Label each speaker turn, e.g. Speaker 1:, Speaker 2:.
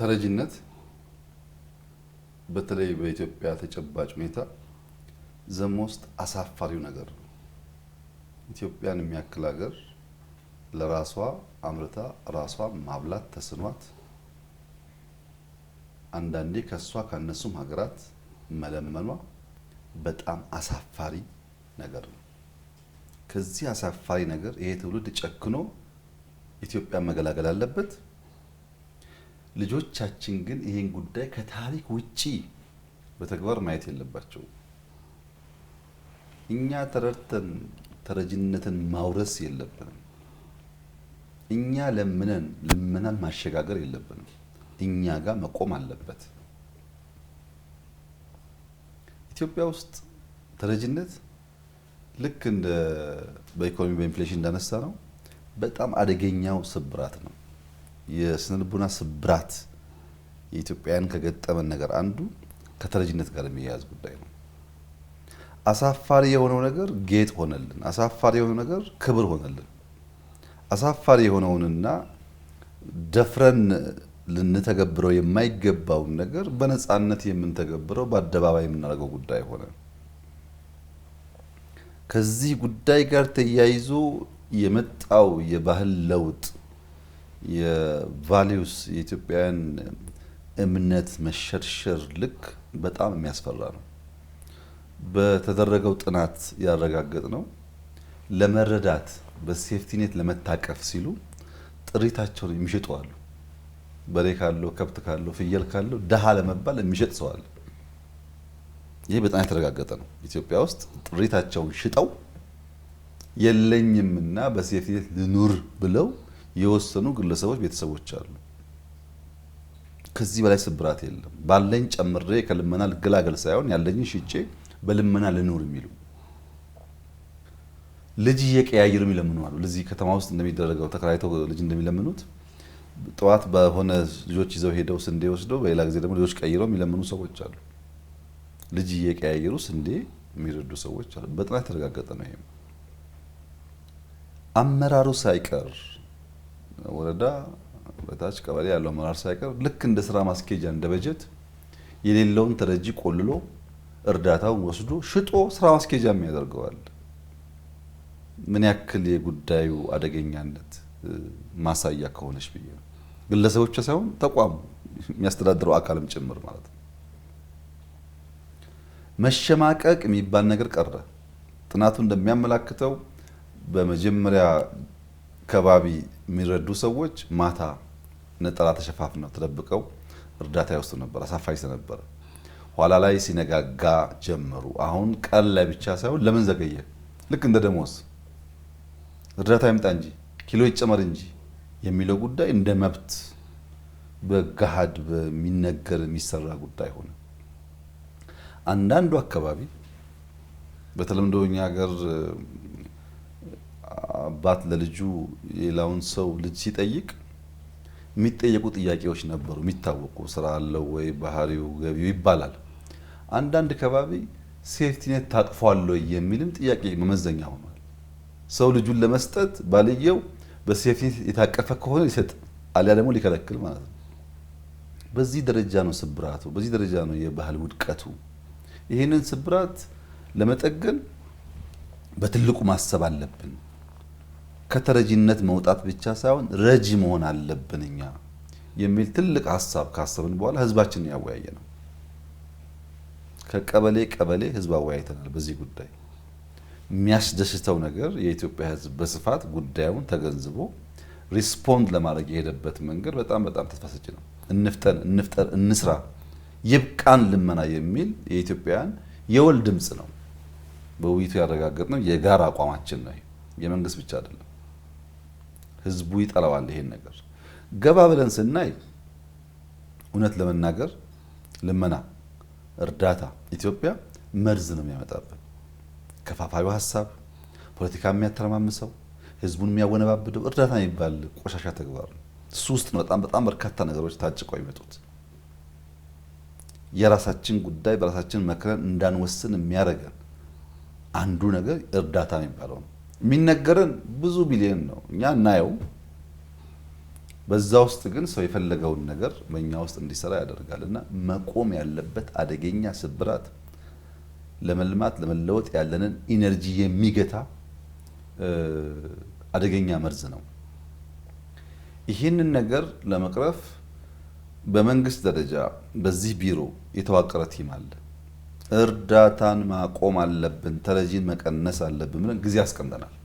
Speaker 1: ተረጅነት በተለይ በኢትዮጵያ ተጨባጭ ሁኔታ ዘም ውስጥ አሳፋሪው ነገር ነው። ኢትዮጵያን የሚያክል ሀገር ለራሷ አምርታ ራሷ ማብላት ተስኗት አንዳንዴ ከሷ ካነሱም ሀገራት መለመኗ በጣም አሳፋሪ ነገር ነው። ከዚህ አሳፋሪ ነገር ይሄ ትውልድ ጨክኖ ኢትዮጵያ መገላገል አለበት። ልጆቻችን ግን ይህን ጉዳይ ከታሪክ ውጪ በተግባር ማየት የለባቸው። እኛ ተረድተን ተረጅነትን ማውረስ የለብንም። እኛ ለምነን ልመናን ማሸጋገር የለብንም። እኛ ጋር መቆም አለበት። ኢትዮጵያ ውስጥ ተረጅነት ልክ እንደ በኢኮኖሚ በኢንፍሌሽን እንዳነሳ ነው፣ በጣም አደገኛው ስብራት ነው። የስነልቡና ስብራት የኢትዮጵያን ከገጠመን ነገር አንዱ ከተረጂነት ጋር የሚያያዝ ጉዳይ ነው። አሳፋሪ የሆነው ነገር ጌጥ ሆነልን። አሳፋሪ የሆነው ነገር ክብር ሆነልን። አሳፋሪ የሆነውንና ደፍረን ልንተገብረው የማይገባውን ነገር በነፃነት የምንተገብረው በአደባባይ የምናደርገው ጉዳይ ሆነ። ከዚህ ጉዳይ ጋር ተያይዞ የመጣው የባህል ለውጥ የቫሊዩስ የኢትዮጵያውያን እምነት መሸርሸር ልክ በጣም የሚያስፈራ ነው። በተደረገው ጥናት ያረጋገጥ ነው ለመረዳት በሴፍቲኔት ለመታቀፍ ሲሉ ጥሪታቸውን የሚሸጡ አሉ። በሬ ካለው ከብት ካለው ፍየል ካለው ደሃ ለመባል የሚሸጥ ሰው አለ። ይህ በጣም የተረጋገጠ ነው። ኢትዮጵያ ውስጥ ጥሪታቸውን ሽጠው የለኝምና በሴፍቲኔት ልኑር ብለው የወሰኑ ግለሰቦች፣ ቤተሰቦች አሉ። ከዚህ በላይ ስብራት የለም። ባለኝ ጨምሬ ከልመና ልገላገል ሳይሆን ያለኝን ሽጬ በልመና ልኖር የሚሉ ልጅ እየቀያየሩ የሚለምኑ አሉ። ለዚህ ከተማ ውስጥ እንደሚደረገው ተከራይተው ልጅ እንደሚለምኑት ጠዋት በሆነ ልጆች ይዘው ሄደው ስንዴ ወስደው በሌላ ጊዜ ደግሞ ልጆች ቀይረው የሚለምኑ ሰዎች አሉ። ልጅ እየቀያየሩ ስንዴ የሚረዱ ሰዎች አሉ። በጥናት የተረጋገጠ ነው። ይሄም አመራሩ ሳይቀር ወረዳ በታች ቀበሌ ያለው አመራር ሳይቀር ልክ እንደ ስራ ማስኬጃ እንደ በጀት የሌለውን ተረጂ ቆልሎ እርዳታውን ወስዶ ሽጦ ስራ ማስኬጃ የሚያደርገዋል። ምን ያክል የጉዳዩ አደገኛነት ማሳያ ከሆነች ብዬ ነው። ግለሰቦች ሳይሆን ተቋሙ የሚያስተዳድረው አካልም ጭምር ማለት ነው። መሸማቀቅ የሚባል ነገር ቀረ። ጥናቱ እንደሚያመላክተው በመጀመሪያ አካባቢ የሚረዱ ሰዎች ማታ ነጠላ ተሸፋፍነው ተደብቀው እርዳታ ይወስዱ ነበር። አሳፋጅ ነበር ኋላ ላይ ሲነጋጋ ጀመሩ። አሁን ቀን ላይ ብቻ ሳይሆን ለምን ዘገየ? ልክ እንደ ደሞዝ እርዳታ ይምጣ እንጂ ኪሎ ይጨመር እንጂ የሚለው ጉዳይ እንደ መብት በገሃድ በሚነገር የሚሰራ ጉዳይ ሆነ። አንዳንዱ አካባቢ በተለምዶ እኛ ሀገር አባት ለልጁ ሌላውን ሰው ልጅ ሲጠይቅ የሚጠየቁ ጥያቄዎች ነበሩ። የሚታወቁ ስራ አለው ወይ፣ ባህሪው፣ ገቢው ይባላል። አንዳንድ ከባቢ ሴፍቲኔት ታቅፏል ወይ የሚልም ጥያቄ መመዘኛ ሆኗል። ሰው ልጁን ለመስጠት ባልየው በሴፍቲኔት የታቀፈ ከሆነ ሊሰጥ አሊያ ደግሞ ሊከለክል ማለት ነው። በዚህ ደረጃ ነው ስብራቱ፣ በዚህ ደረጃ ነው የባህል ውድቀቱ። ይህንን ስብራት ለመጠገን በትልቁ ማሰብ አለብን። ከተረጂነት መውጣት ብቻ ሳይሆን ረጂ መሆን አለብን እኛ የሚል ትልቅ ሀሳብ ካሰብን በኋላ ህዝባችንን ያወያየ ነው። ከቀበሌ ቀበሌ ህዝብ አወያይተናል። በዚህ ጉዳይ የሚያስደስተው ነገር የኢትዮጵያ ህዝብ በስፋት ጉዳዩን ተገንዝቦ ሪስፖንድ ለማድረግ የሄደበት መንገድ በጣም በጣም ተስፋ ሰጪ ነው። እንፍጠን፣ እንፍጠር፣ እንስራ፣ ይብቃን ልመና የሚል የኢትዮጵያውያን የወል ድምፅ ነው። በውይይቱ ነው የጋራ አቋማችን ነው። የመንግስት ብቻ አይደለም። ህዝቡ ይጠላዋል ይሄን ነገር። ገባ ብለን ስናይ እውነት ለመናገር ልመና፣ እርዳታ ኢትዮጵያ መርዝ ነው የሚያመጣብን። ከፋፋዩ ሀሳብ፣ ፖለቲካ የሚያተረማምሰው፣ ህዝቡን የሚያወነባብደው እርዳታ የሚባል ቆሻሻ ተግባር ነው። እሱ ውስጥ ነው በጣም በጣም በርካታ ነገሮች ታጭቀው ይመጡት። የራሳችን ጉዳይ በራሳችን መክረን እንዳንወስን የሚያደርገን አንዱ ነገር እርዳታ የሚባለው ነው። የሚነገረን ብዙ ቢሊዮን ነው። እኛ እናየው። በዛ ውስጥ ግን ሰው የፈለገውን ነገር በእኛ ውስጥ እንዲሰራ ያደርጋል እና መቆም ያለበት አደገኛ ስብራት ለመልማት ለመለወጥ ያለንን ኢነርጂ የሚገታ አደገኛ መርዝ ነው። ይህንን ነገር ለመቅረፍ በመንግስት ደረጃ በዚህ ቢሮ የተዋቀረ ቲም አለ። እርዳታን ማቆም አለብን፣ ተረጂን መቀነስ አለብን ብለን ጊዜ አስቀምጠናል።